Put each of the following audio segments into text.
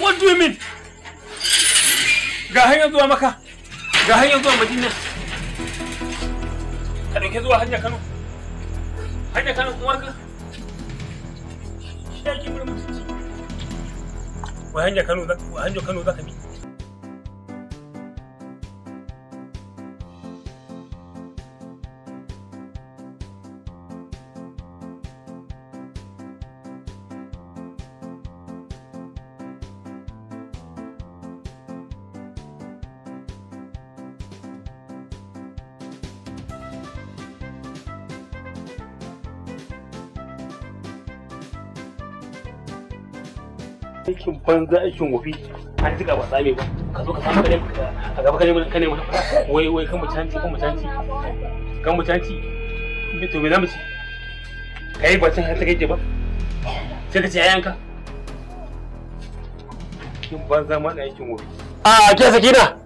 What do you mean? Ga hanyar zuwa maka, ga hanyar zuwa Madina. Ka ɗauke zuwa hanyar Kano. Hanyar Kano kuma ka? Shi ake mura mutunci. Wa hanyar Kano za ka bi? aikin banza aikin wofi an jika ba tsame ba ka zo ka samu kane a gaba kane mun kane mun wai wai kan mutanci kan mutanci kan mutanci bi to me zamu ci kai ba cin har ta kake ba sai ka ci ayanka kin banza ma aikin wofi a ke sakina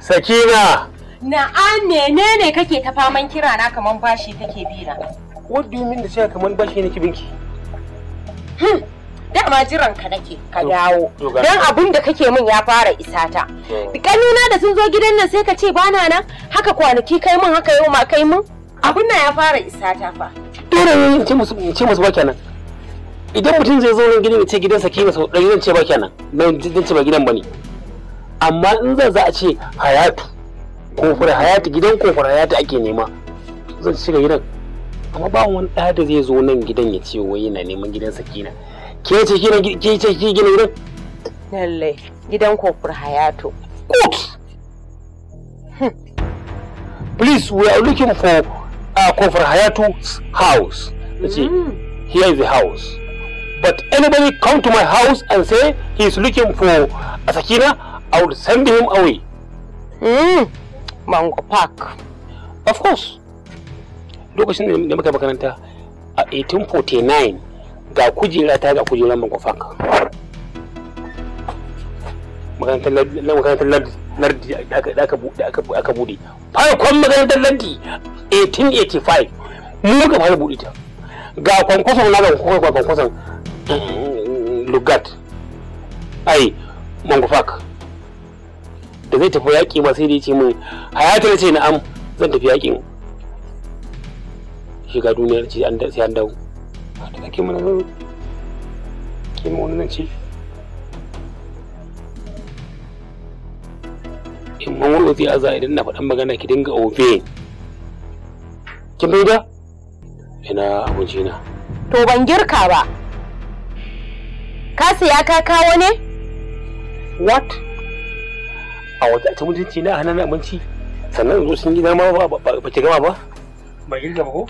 sakina na'am menene kake ta faman kira na kaman bashi take bina? what do you mean da sai kaman bashi ne kibinki. hmm dama jiran ka nake ka dawo dan abun da kake min ya fara isata kanuna da sun zo gidan nan sai ka ce bana nan haka kwanaki kai min haka yau ma kai min abun nan ya fara isata fa dole ne in ce musu ce musu ba kenan idan mutum zai zo wurin gidan ce gidan sa, kima sau ɗari zan ce ba kenan ban zan ce ba gidan bane amma in zan za a ce hayatu kofar hayatu gidan kofar hayatu ake nema zan shiga gidan amma ba wani ɗaya da zai zo nan gidan ya ce wai yana neman gidan sakina ke ce ke ce ki gina gidan lallai gidan kokur hayato Kut! Hmm. please we are looking for a uh, kokur hayato's house ce mm. here is the house but anybody come to my house and say he is looking for a sakina i will send him away mm. mango park of course lokacin da muka makaranta a 1849 ga kujera ta ga kujeran makwafan makarantar lardi da aka bude farkon makarantar lardi 1885 mu ga fara bude ta ga kwankwason na ga kwankwason lugat ai mangufak da zai tafi yaƙi ba sai da ce min hayatar ce na am, zan tafi yaƙin shiga duniyar ce sai an dawo da nake mana nan ke ma wannan ce in man zai aza idan na faɗan magana ki dinga ofe kin bai da ina abinci na to ban girka ba ka siya ka kawo ne what a wata ta mutunci na hannun abinci sannan zo sun gida ma ba ba ba ba ba ba ba girka ba ko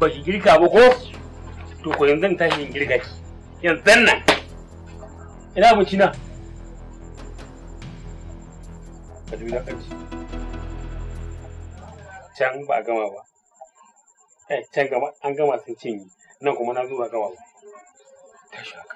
ba girka ba ko to ko yanzu zan tashi in girga ki yanzu nan ina abinci na ka na kanci can ba a gama ba eh can gama an gama sun cinye nan kuma na zo ba gama ba tashi haka